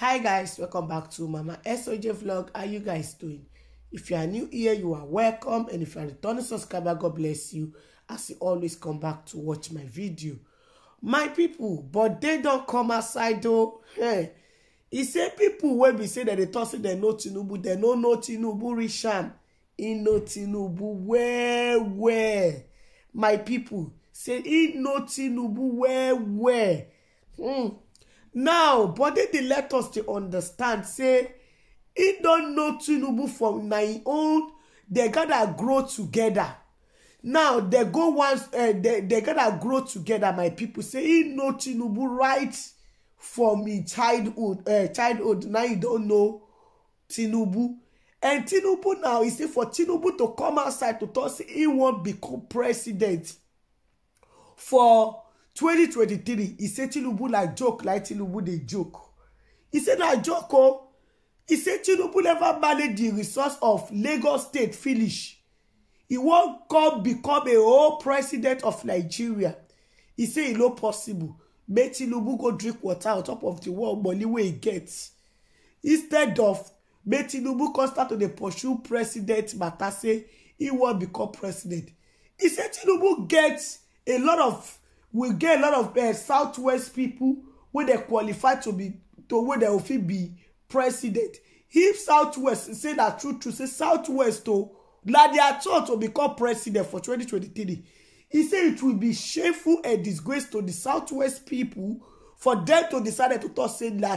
hi guys welcome back to mama soj vlog how you guys doing if you are new here you are welcome and if you are returning subscriber god bless you as you always come back to watch my video my people but they don't come outside though hey e say pipo wey be say that they tok say They know tinubu dem no tinubu reach in e tinubu Where, where, my people? say in know tinubu Where, where? hmm now bodidi let us to understand say e don know tinubu from na im own dem gada grow together. now dem go once dem eh, gada grow together, my people. say e know tinubu right from im childhood eh, Childhood. Now e don know tinubu and tinubu now e say for tinubu to come outside to talk say e wan become president for Twenty twenty three, he say tinubu na joke like tinubu dey joke he say na joke o oh. he say tinubu never manage the resource of lagos state finish He wan come become a whole president of nigeria He say e no possible make tinubu go drink water on top of the world money wey he get instead of make tinubu come start to dey pursue president matter say he wan become president He say tinubu get a lot of we get a lot of uh, southwest people where they qualify to be to where they will be president if southwest say that true to say southwest that they are turn to become president for 2023 he said it will be shameful and disgrace to the southwest people for them to decide to talk say na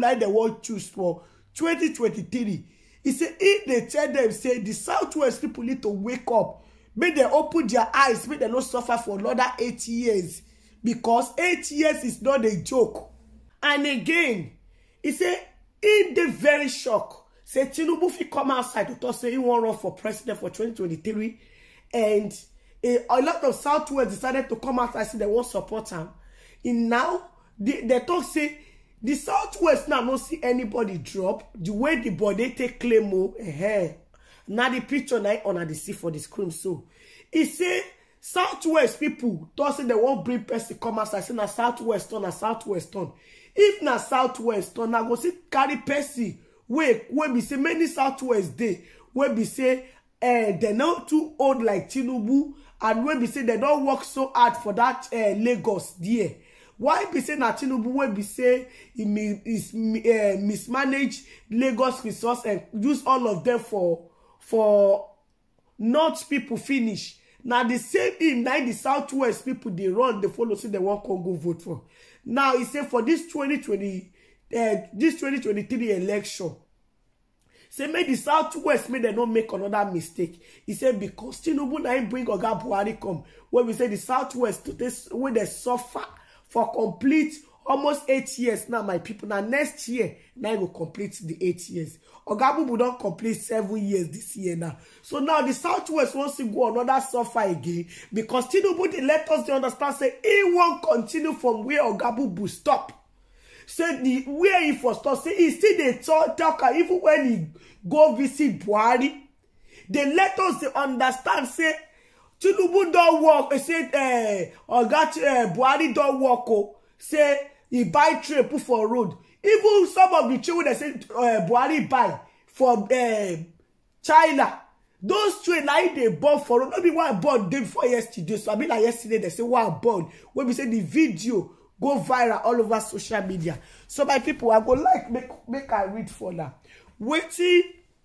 like they want choose for 2023 he said if they tell them say the southwest people need to wake up May they open their eyes. May they not suffer for another eight years. Because eight years is not a joke. And again, he said, in the very shock, say Tinubu fit come outside to talk say he wan run for president for 2023 and a, lot of southwest decided to come outside say they wan support him. and now they, they talk say the southwest now no see anybody drop the way the body take claim o oh, eh, eh na the picture na on the see for the screen so he say southwest people tossing the one wan bring person come outside say na southwest turn a southwest turn if na southwest turn I go see carry person wey be say many southwest day. wey be say dem eh, no too old like tinubu and wey be say they don't work so hard for dat eh, lagos dear. why be say na tinubu wey be say e mismanage lagos resource and use all of them for for north people finish now. The same thing na the southwest people, they run they follow so they wan come go vote for now he said for this dis eh, 2023 election say may the southwest may they not make another mistake e say becos tinubu now im bring oga buhari come wey we say the southwest wey they suffer for complete almost eight years now my people Now next year now e go complete the eight years oga bubu don complete seven years this year now so now the southwest wants to go another suffer again because tinubu dey let us understand say he won't continue from where oga bubu stop say the where he for stop say he still dey talk talk even when he go visit buhari dey let us dey understand say tinubu don't work eh, say eh, oga eh, buhari don't work Oh, say He buy train put for road even some of the children wey dem say eh, buhari buy for eh, china those train, na they dey for road no one burn day before yesterday so i mean like yesterday they say one burn When we say the video go viral all over social media so my people, i go like make make i read for now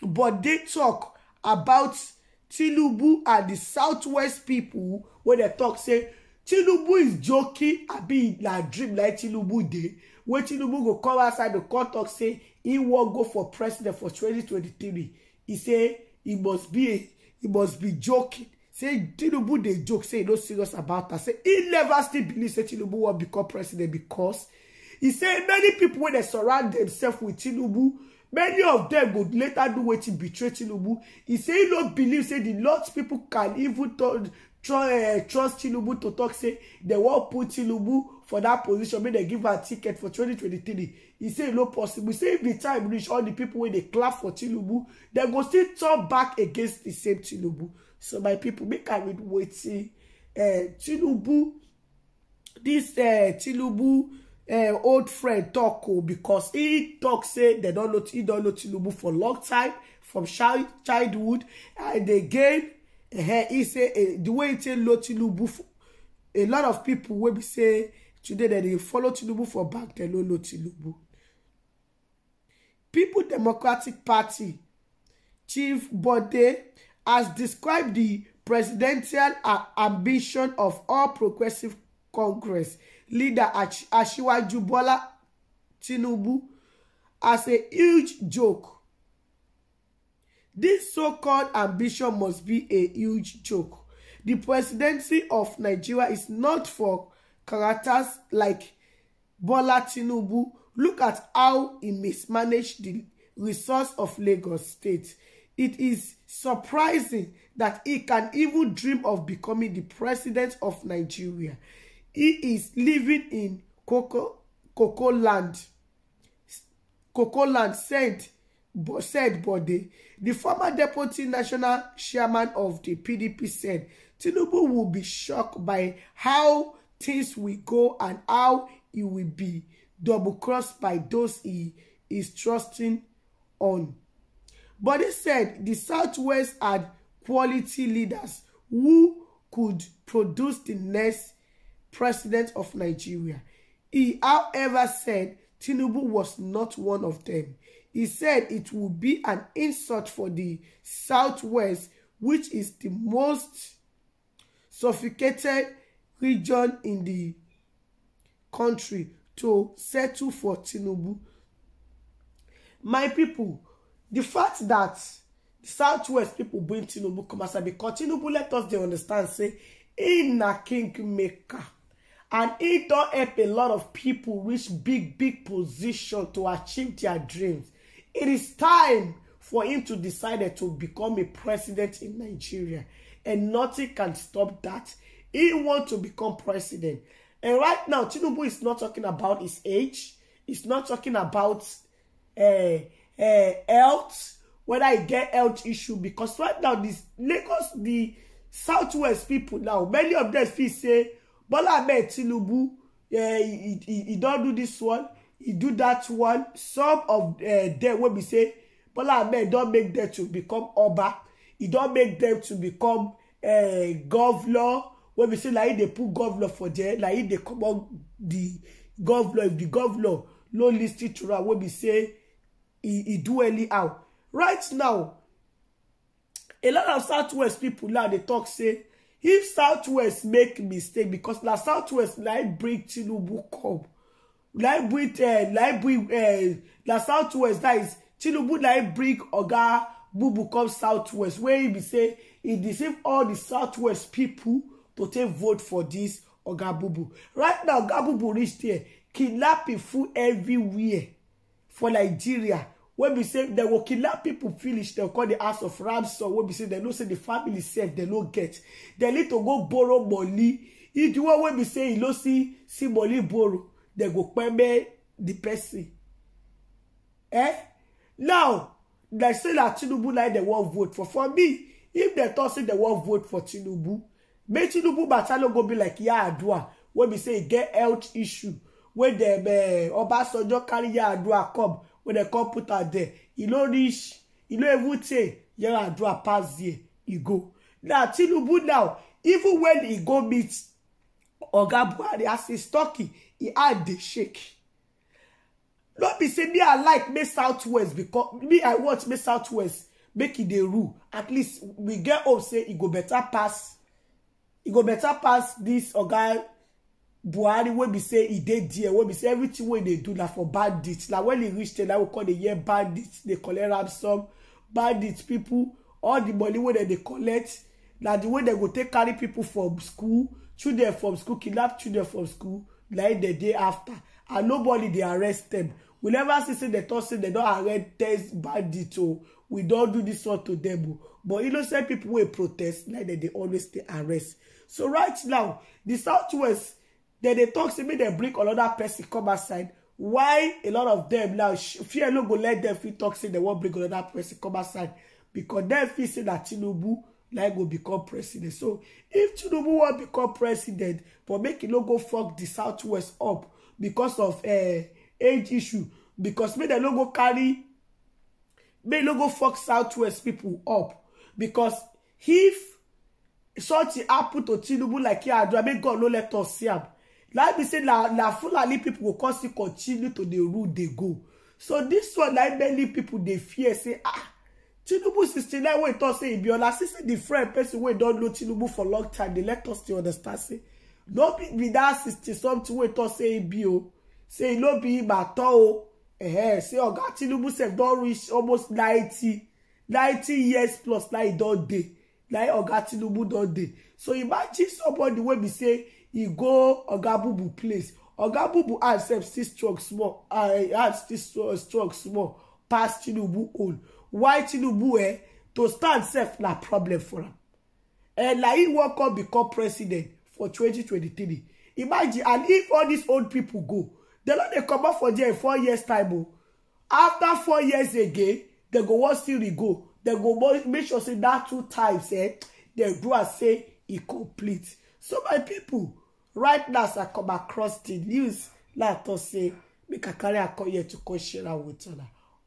but they talk about tinubu and the southwest people when they talk say tinubu is joking abi na dream like tinubu dey wey tinubu go come outside the court talk say he wan go for president for 2023 he say he must be a he must be joking say tinubu dey joke say he no serious about am say he never still believe say tinubu wan become president because he say many people wey dey surround themselves with tinubu many of them go later do wetin betray tinubu He say he no believe say the lord's people can even Eh, trust tinubu to talk say they wan put tinubu for that position make they give her ticket for 2023 He say no possible say if di time reach all the people wey dey clap for tinubu they go still turn back against the same tinubu so my people, make i read wetin eh, tinubu dis eh, tinubu old friend tok o oh, becos e tok say dem don know tinubu for long time from childhood and again he say eh, the way he take low Tinubu a lot of people will be say today that they follow Tinubu for back they no low Tinubu People Democratic Party Chief Bode has described the presidential ambition of all progressive Congress leader Ash Asiwaju Bola Tinubu as a huge joke This so-called ambition must be a huge joke. The presidency of Nigeria is not for characters like Bola Tinubu. Look at how he mismanaged the resource of Lagos State. It is surprising that he can even dream of becoming the president of Nigeria. He is living in Cocoa, Cocoa Land. Cocoa Land sent said Bode. The former deputy national chairman of the PDP said Tinubu will be shocked by how things will go and how he will be double-crossed by those he is trusting on. Bode said the Southwest had quality leaders who could produce the next president of Nigeria. He, however, said Tinubu was not one of them. He said it would be an insult for the Southwest, which is the most suffocated region in the country, to settle for Tinubu. My people, the fact that the Southwest people bring Tinubu come as I because Tinubu let us dey understand say he na kingmaker and it don't help a lot of people reach big big position to achieve their dreams It is time for him to decide to become a president in Nigeria. And nothing can stop that. He wants to become president. And right now, Tinubu is not talking about his age. He's not talking about uh, uh, health, whether he get health issue. Because right now, this Lagos, the Southwest people now, many of them feel say, Bola Ahmed Tinubu, uh, he, he, he don't do this one. He do that one some of eh, them, wey be say bola ahmed don't make them to become oba He don't make them to become eh, governor wey we say na him dey put governor for there na him dey on the governor if the governor no lis ten to am wey be say he do out. right now a lot of southwest people now They talk say if southwest make mistake because na southwest like im bring tinubu come library uh, library uh, na southwest that is tinubu library oga bubu come southwest wey be say e deceive all the southwest people to take vote for this oga bubu right now oga bubu reach there kidnapping full everywhere for nigeria wey be say dem go kidnap pipo finish dem call the house of ransom wey be say dem know say the family sef dem no get dem need to go borrow money if the one wey be say e no see see money borrow they go permit the person. Eh? Now, they say that Tinubu like they won't vote for. For me, if they thought say they won't vote for Tinubu, make Tinubu Batalo go be like Yar'Adua, when we say e get health issue, when them uh, eh, Obasanjo carry Yar'Adua come, when they come put her there, e no reach, e no even say Yar'Adua pass there, e go. Now Tinubu now, even when he go meet Oga Buhari as he's talking, e had dey shake no be say me i like make southwest because me i want make southwest make e dey rule at least we get hope say e go better pass e go better pass dis oga buhari wey be say e dey there wey be say everything wey e dey do na for bandits na when e reach there na we come dey hear bandits dey collect ransom bandits people all the money wey dem dey collect na the way dem go take carry people from school children from school kidnap children from school like the day after and nobody dey arrest them we never see say dem talk say they don arrest test bandits o oh. we don do this one to dem o oh. but innocent people wey protest Like they, dey always dey arrest so right now di southwest they dey talk say make They bring another person come outside why a lot of them now fear no go let them fit talk say they wan bring another person come outside because dem feel say na tinubu like go become president so if tinubu wan become president but make e no go fuck the southwest up because of uh, age issue because make dem no go carry make no go fuck southwest people up because if something happen to tinubu like I mean god no let us see am like we say na na fulani pipo go come still continue to the route they go so this one na many people they fear say ah tinubu sixty nine wey talk say Abiola sixty the friend person we don't know tinubu for long time they let us still understand say no be be that sixty something wey talk say e be o oh. say e no be him at all eh. say oh God. tinubu said don't reach almost ninety ninety years plus like e day like oh God. tinubu don day. so imagine somebody wey be say he go oh oga bubu place oga bubu I sef still strong small I ah, arm still strong small pass tinubu own why tinubu eh to stand sef na problem for him? and like he wan up become president for 2023 imagine and if all these old people go they dem no come up for there in four years time oh. after four years again they go what still they go They go make sure say that two times eh they do as say e complete so my people, right now as i come across the news like to say make a carry am come here to question share am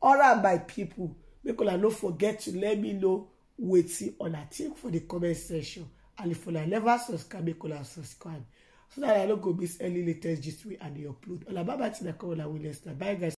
all my people make una no forget to let me know wetin una think for the comment section and if una never subscribe make una subscribe so that i no go miss any latest gist wey i dey upload una bye bye till i come una witness na bye guys.